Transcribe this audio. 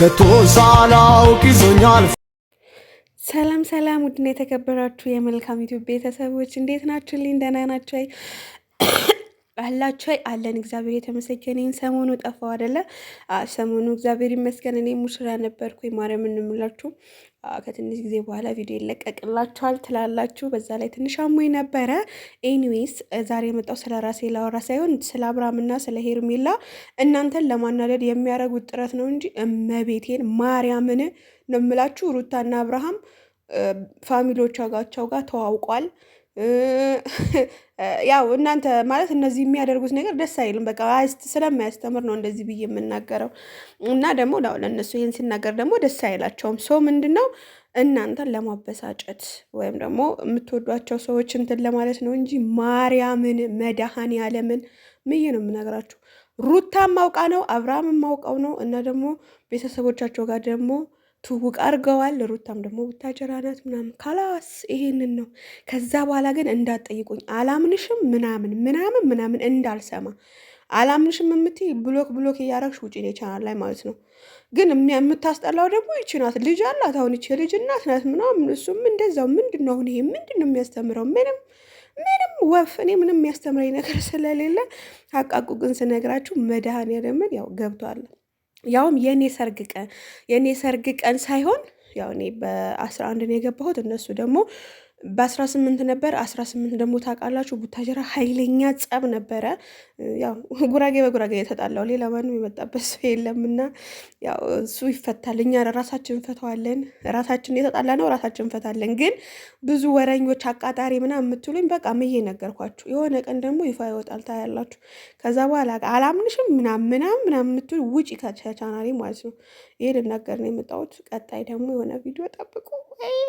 ከቶ ሳላውቅ ይዞኛል። ሰላም ሰላም፣ ውድና የተከበራችሁ የመልካም ኢትዮጵያ ቤተሰቦች እንዴት ናችሁ? ልኝ ደህና ናችሁ? አላችሁ አለን። እግዚአብሔር የተመሰገነ ይህን ሰሞኑ ጠፋው አደለ ሰሞኑ እግዚአብሔር ይመስገን እኔ ሙሽራ ነበርኩ። ማርያም እንምላችሁ ከትንሽ ጊዜ በኋላ ቪዲዮ ይለቀቅላችኋል ትላላችሁ። በዛ ላይ ትንሽ አሞኝ ነበረ። ኤኒዌይስ ዛሬ የመጣው ስለ ራሴ ላወራ ሳይሆን ስለ አብርሃምና ስለ ሄርሜላ እናንተን ለማናደድ የሚያደርጉት ጥረት ነው እንጂ እመቤቴን ማርያምን ነው የምላችሁ። ሩታና አብርሃም ፋሚሊዎቻቸው ጋር ተዋውቋል። ያው እናንተ ማለት እነዚህ የሚያደርጉት ነገር ደስ አይልም። በቃ ስለማያስተምር ነው እንደዚህ ብዬ የምናገረው እና ደግሞ ለእነሱ ይህን ሲናገር ደግሞ ደስ አይላቸውም። ሰው ምንድን ነው እናንተን ለማበሳጨት ወይም ደግሞ የምትወዷቸው ሰዎች እንትን ለማለት ነው እንጂ ማርያምን መድኃኔ ዓለምን ምዬ ነው የምነግራችሁ። ሩታም ማውቃ ነው አብርሃምም ማውቀው ነው እና ደግሞ ቤተሰቦቻቸው ጋር ደግሞ ትውውቅ አድርገዋል። ሩታም ደግሞ ውታጀራ ናት ምናምን ካላስ ይሄንን ነው። ከዛ በኋላ ግን እንዳትጠይቁኝ አላምንሽም ምናምን ምናምን ምናምን እንዳልሰማ አላምንሽም የምትይ ብሎክ ብሎክ እያረግሽ ውጪ ቻናል ላይ ማለት ነው። ግን የምታስጠላው ደግሞ ይቺ ናት። ልጅ አላት አሁን ይቺ ልጅ እናት ናት ምናምን እሱም እንደዛው። ምንድን ነው አሁን ይሄ ምንድን ነው የሚያስተምረው? ምንም ምንም ወፍ እኔ ምንም የሚያስተምረኝ ነገር ስለሌለ አቃቁ ግን ስነግራችሁ መድኃኔዓለምን ያው ገብቷል። ያውም የእኔ ሰርግ ቀን የእኔ ሰርግ ቀን ሳይሆን ያው እኔ በአስራ አንድ ነው የገባሁት እነሱ ደግሞ በአስራ ስምንት ነበር። አስራ ስምንት ደግሞ ታውቃላችሁ ቡታጀራ ኃይለኛ ጸብ ነበረ። ያው ጉራጌ በጉራጌ የተጣላው ሌላ ማንም የመጣበት ሰው የለም። እና ያው እሱ ይፈታል፣ እኛ ራሳችን እንፈታዋለን። ራሳችን የተጣላ ነው ራሳችን እንፈታለን። ግን ብዙ ወረኞች፣ አቃጣሪ ምና የምትሉኝ በቃ ምዬ ነገርኳችሁ። የሆነ ቀን ደግሞ ይፋ ይወጣል ታያላችሁ። ከዛ በኋላ አላምንሽም ምናምን ምናም ምናምን የምትሉ ውጭ ከቻናሌ ማለት ነው። ይሄ ልናገር ነው የመጣሁት። ቀጣይ ደግሞ የሆነ ቪዲዮ ጠብቁ። ወይ